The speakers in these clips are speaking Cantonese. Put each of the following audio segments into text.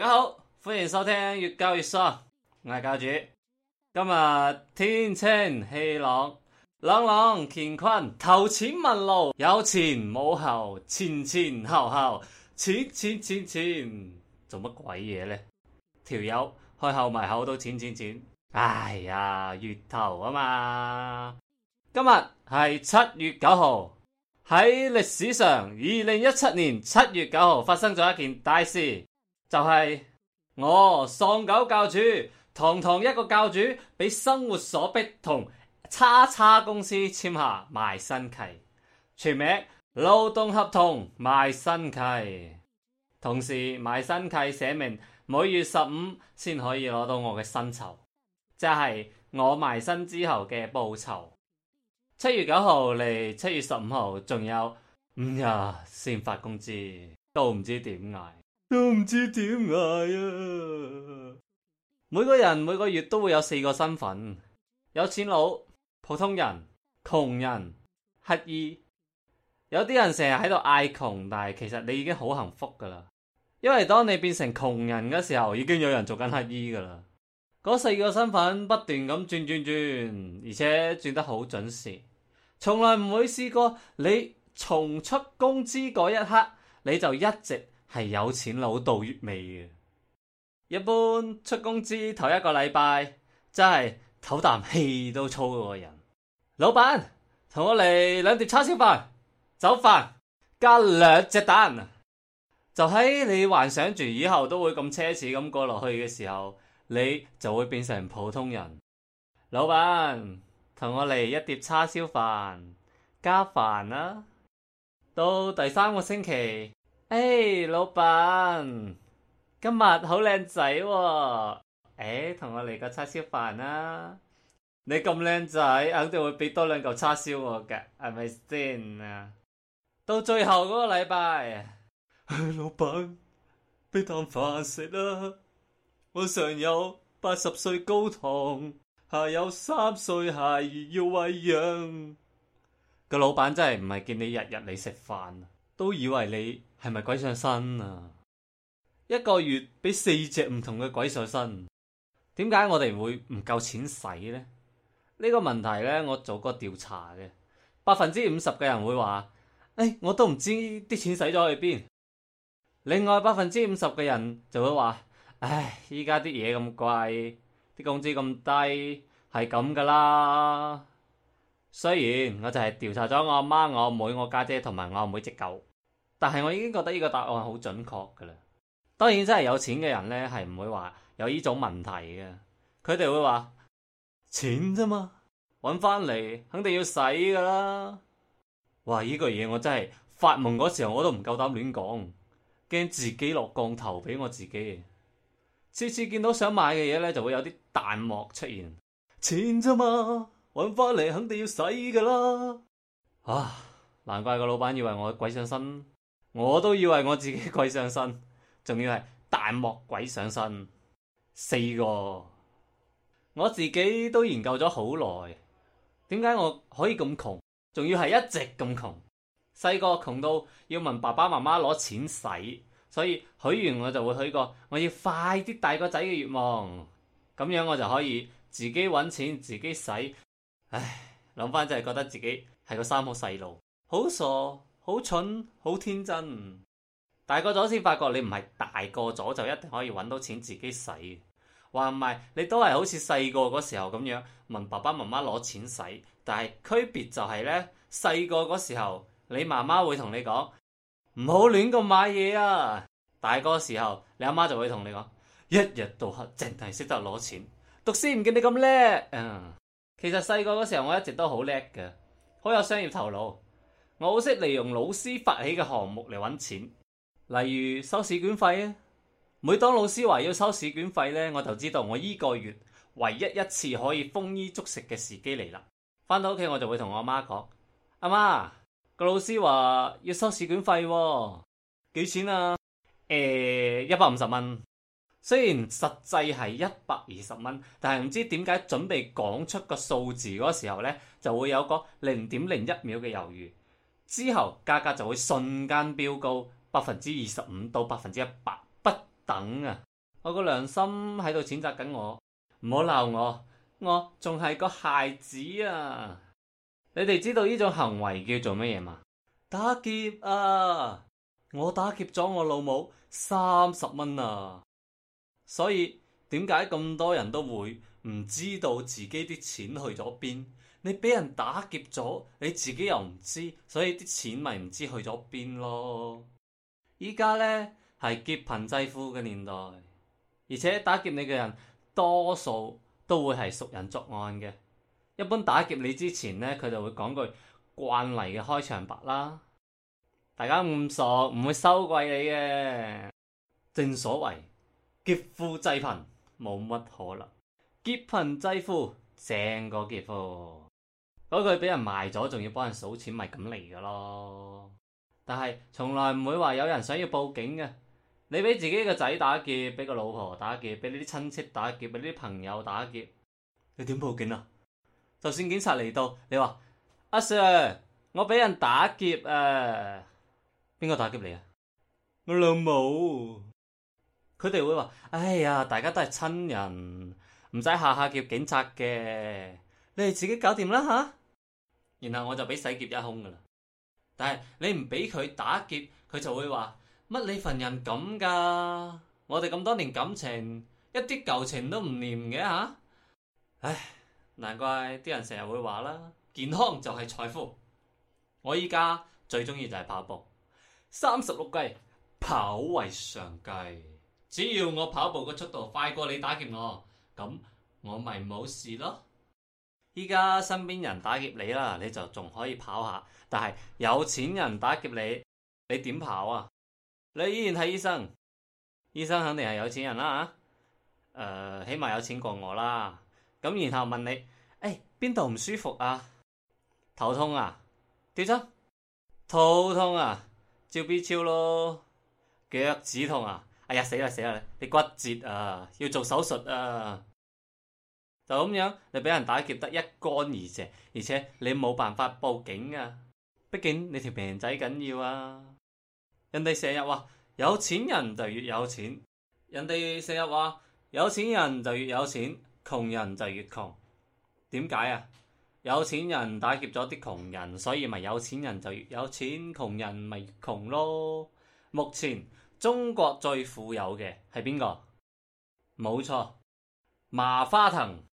大家好，歡迎收聽粵教粵喪。我係教主。今日天，天清氣朗，朗朗乾坤，投錢問路，有前冇後，前前后後，錢錢錢錢，做乜鬼嘢呢？條友開口埋口都錢錢錢。哎呀，月頭啊嘛。今日係七月九號。喺歷史上，二零一七年七月九號發生咗一件大事。就係我喪狗教主，堂堂一個教主，俾生活所逼同叉叉公司簽下賣身契，全名勞動合同賣身契。同時賣身契寫明每月十五先可以攞到我嘅薪酬，就係我賣身之後嘅報酬。七月九號嚟七月十五號，仲有五日先發工資，都唔知點挨。都唔知點捱啊！每個人每個月都會有四個身份：有錢佬、普通人、窮人、乞兒。有啲人成日喺度嗌窮，但係其實你已經好幸福噶啦。因為當你變成窮人嘅時候，已經有人做緊乞兒噶啦。嗰四個身份不斷咁轉轉轉，而且轉得好準時，從來唔會試過你從出工資嗰一刻，你就一直，係有錢佬度月尾嘅，一般出工資頭一個禮拜真係唞啖氣都粗嗰個人。老闆，同我嚟兩碟叉燒飯，走飯加兩隻蛋。就喺你幻想住以後都會咁奢侈咁過落去嘅時候，你就會變成普通人。老闆，同我嚟一碟叉燒飯加飯啦、啊。到第三個星期。誒，hey, 老闆，今日好靚仔喎！誒，同我嚟個叉燒飯啦、啊。你咁靚仔，肯定會畀多兩嚿叉燒我嘅，係咪先啊？到最後嗰個禮拜，hey, 老闆畀啖飯食啦。我上有八十歲高堂，下有三歲孩兒要喂養。個老闆真係唔係見你日日嚟食飯，都以為你。係咪鬼上身啊？一個月俾四隻唔同嘅鬼上身，點解我哋會唔夠錢使呢？呢個問題呢，我做過調查嘅，百分之五十嘅人會話、哎：，唉，我都唔知啲錢使咗去邊。另外百分之五十嘅人就會話：，唉，依家啲嘢咁貴，啲工資咁低，係咁噶啦。雖然我就係調查咗我阿媽、我阿妹、我家姐同埋我阿妹隻狗。但係我已經覺得呢個答案好準確噶啦。當然真係有錢嘅人呢係唔會話有呢種問題嘅。佢哋會話，錢啫嘛，揾翻嚟，肯定要使噶啦。哇！呢個嘢我真係發夢嗰時候我都唔夠膽亂講，驚自己落降頭俾我自己。次次見到想買嘅嘢呢，就會有啲彈幕出現。錢啫嘛，揾翻嚟，肯定要使噶啦。啊，難怪個老闆以為我鬼上身。我都以為我自己鬼上身，仲要係大魔鬼上身，四個我自己都研究咗好耐，點解我可以咁窮，仲要係一直咁窮？細個窮到要問爸爸媽媽攞錢使，所以許完我就會許個我要快啲大個仔嘅願望，咁樣我就可以自己揾錢自己使。唉，諗翻就係覺得自己係個三好細路，好傻。好蠢，好天真。大個咗先發覺，你唔係大個咗就一定可以揾到錢自己使。話唔係，你都係好似細個嗰時候咁樣問爸爸媽媽攞錢使。但係區別就係呢：細個嗰時候你媽媽會同你講唔好亂咁買嘢啊。大個時候你阿媽就會同你講一日到黑淨係識得攞錢。讀書唔見你咁叻，嗯，其實細個嗰時候我一直都好叻嘅，好有商業頭腦。我好識利用老師發起嘅項目嚟揾錢，例如收試卷費啊。每當老師話要收試卷費呢，我就知道我呢個月唯一一次可以豐衣足食嘅時機嚟啦。返到屋企，我就會同我媽講：阿媽個老師話要收試卷費，幾錢啊？誒、欸，一百五十蚊。雖然實際係一百二十蚊，但係唔知點解準備講出個數字嗰時候呢，就會有個零點零一秒嘅猶豫。之後價格就會瞬間飆高百分之二十五到百分之一百不等啊！我個良心喺度譴責緊我，唔好鬧我，我仲係個孩子啊！你哋知道呢種行為叫做乜嘢嘛？打劫啊！我打劫咗我老母三十蚊啊！所以點解咁多人都會唔知道自己啲錢去咗邊？你俾人打劫咗，你自己又唔知，所以啲錢咪唔知去咗邊咯。依家呢係劫貧濟富嘅年代，而且打劫你嘅人多數都會係熟人作案嘅。一般打劫你之前呢，佢就會講句慣例嘅開場白啦。大家唔傻，唔會收貴你嘅。正所謂劫富濟貧冇乜可能，劫貧濟富正過劫富。嗰句俾人賣咗，仲要幫人數錢，咪咁嚟㗎咯。但係從來唔會話有人想要報警嘅。你俾自己個仔打劫，俾個老婆打劫，俾你啲親戚打劫，俾你啲朋友打劫，你點報警啊？就算警察嚟到，你話阿 Sir，我俾人打劫啊。邊個打劫你啊？我老母。佢哋會話：哎呀，大家都係親人，唔使下下叫警察嘅，你哋自己搞掂啦吓。啊然後我就俾洗劫一空噶啦，但係你唔俾佢打劫，佢就會話乜你份人咁噶？我哋咁多年感情，一啲舊情都唔念嘅吓。唉，難怪啲人成日會話啦，健康就係財富。我而家最中意就係跑步，三十六計，跑為上計。只要我跑步嘅速度快過你打劫我，咁我咪冇事咯。依家身邊人打劫你啦，你就仲可以跑下，但係有錢人打劫你，你點跑啊？你醫院睇醫生，醫生肯定係有錢人啦吓，誒、啊呃、起碼有錢過我啦。咁然後問你，誒邊度唔舒服啊？頭痛啊？點啫、啊？肚痛啊？照 B 超咯。腳趾痛啊？哎呀死啦死啦，你骨折啊，要做手術啊！就咁樣，你俾人打劫得一乾二淨，而且你冇辦法報警啊！畢竟你條命仔緊要啊！人哋成日話有錢人就越有錢，人哋成日話有錢人就越有錢，窮人就越窮。點解啊？有錢人打劫咗啲窮人，所以咪有錢人就越有錢，窮人咪窮咯。目前中國最富有嘅係邊個？冇錯，麻花藤。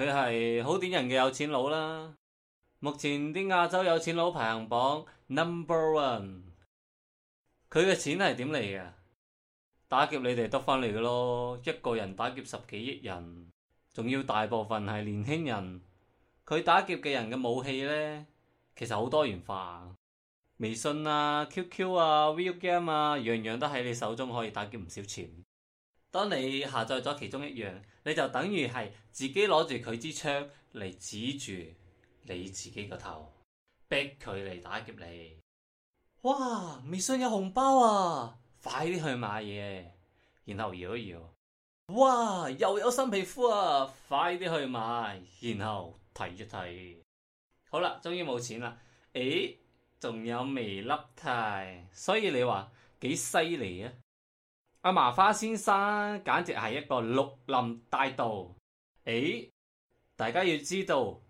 佢係好典型嘅有錢佬啦，目前啲亞洲有錢佬排行榜 number one，佢嘅錢係點嚟嘅？打劫你哋得返嚟嘅咯，一個人打劫十幾億人，仲要大部分係年輕人。佢打劫嘅人嘅武器呢，其實好多元化，微信啊、QQ 啊、video game 啊，樣樣都喺你手中可以打劫唔少錢。當你下載咗其中一樣，你就等於係自己攞住佢支槍嚟指住你自己個頭，逼佢嚟打劫你。哇！微信有紅包啊，快啲去買嘢。然後搖一搖，哇！又有新皮膚啊，快啲去買。然後睇一睇。好啦，終於冇錢啦。誒、哎，仲有微粒貸，所以你話幾犀利啊？阿麻、啊、花先生簡直係一個綠林大盜。誒、欸，大家要知道，唔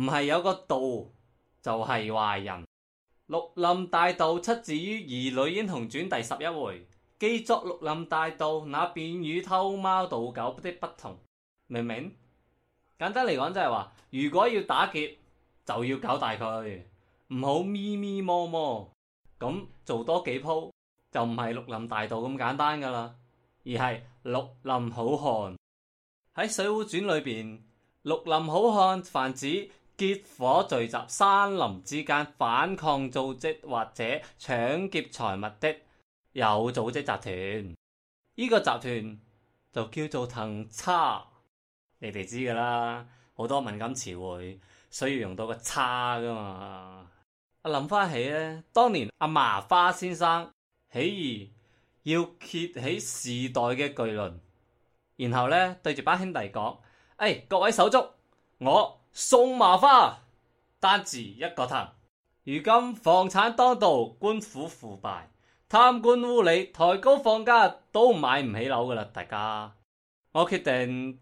係有個盜就係、是、壞人。綠林大盜出自於《兒女英雄傳》第十一回，基作綠林大盜那便與偷貓盜狗的不同，明唔明？簡單嚟講，就係話，如果要打劫，就要搞大佢，唔好咪咪摸摸，咁做多幾鋪。就唔係綠林大盜咁簡單噶啦，而係綠林好漢喺《水滸傳》裏邊，綠林好漢泛指結夥聚集山林之間反抗組織或者搶劫財物的有組織集團。呢個集團就叫做藤叉，你哋知噶啦，好多敏感詞彙需要用到個「叉」噶嘛。啊，諗翻起咧，當年阿麻花先生。起義要揭起時代嘅巨輪，然後呢，對住班兄弟講：哎，各位手足，我送麻花，單字一個騰。如今房產當道，官府腐敗，貪官污吏，抬高房價，都買唔起樓㗎喇！大家，我決定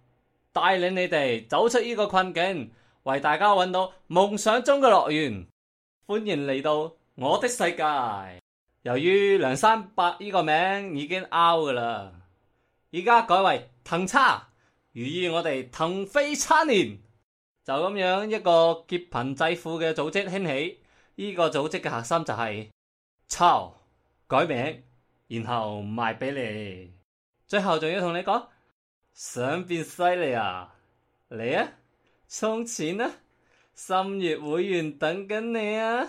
帶領你哋走出呢個困境，為大家搵到夢想中嘅樂園。歡迎嚟到我的世界。由於梁山伯呢個名已經 out 噶啦，而家改為騰叉。寓意我哋騰飛差年。就咁樣一個劫貧濟富嘅組織興起。呢、這個組織嘅核心就係、是、抄改名，然後賣俾你。最後仲要同你講，想變犀利啊，嚟啊，充錢啊，心悅會員等緊你啊，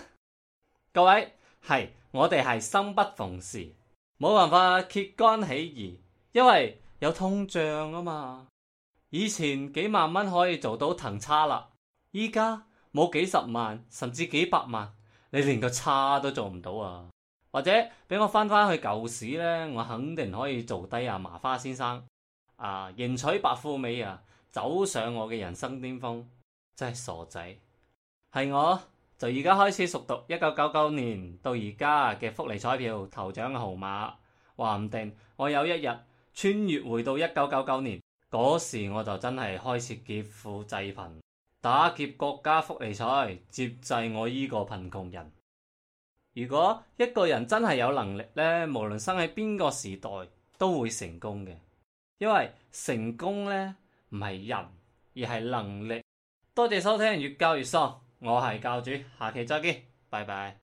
各位係。我哋係生不逢時，冇辦法揭竿起義，因為有通脹啊嘛。以前幾萬蚊可以做到騰差啦，依家冇幾十萬甚至幾百萬，你連個差都做唔到啊！或者俾我翻翻去舊市呢，我肯定可以做低阿麻花先生啊，迎娶白富美啊，走上我嘅人生巔峰，真係傻仔，係我。就而家開始熟讀一九九九年到而家嘅福利彩票頭獎號碼，話唔定我有一日穿越回到一九九九年嗰時，我就真係開始劫富濟貧，打劫國家福利彩，接濟我呢個貧窮人。如果一個人真係有能力呢，無論生喺邊個時代都會成功嘅，因為成功呢唔係人而係能力。多謝收聽，粵教粵喪。我係教主，下期再見，拜拜。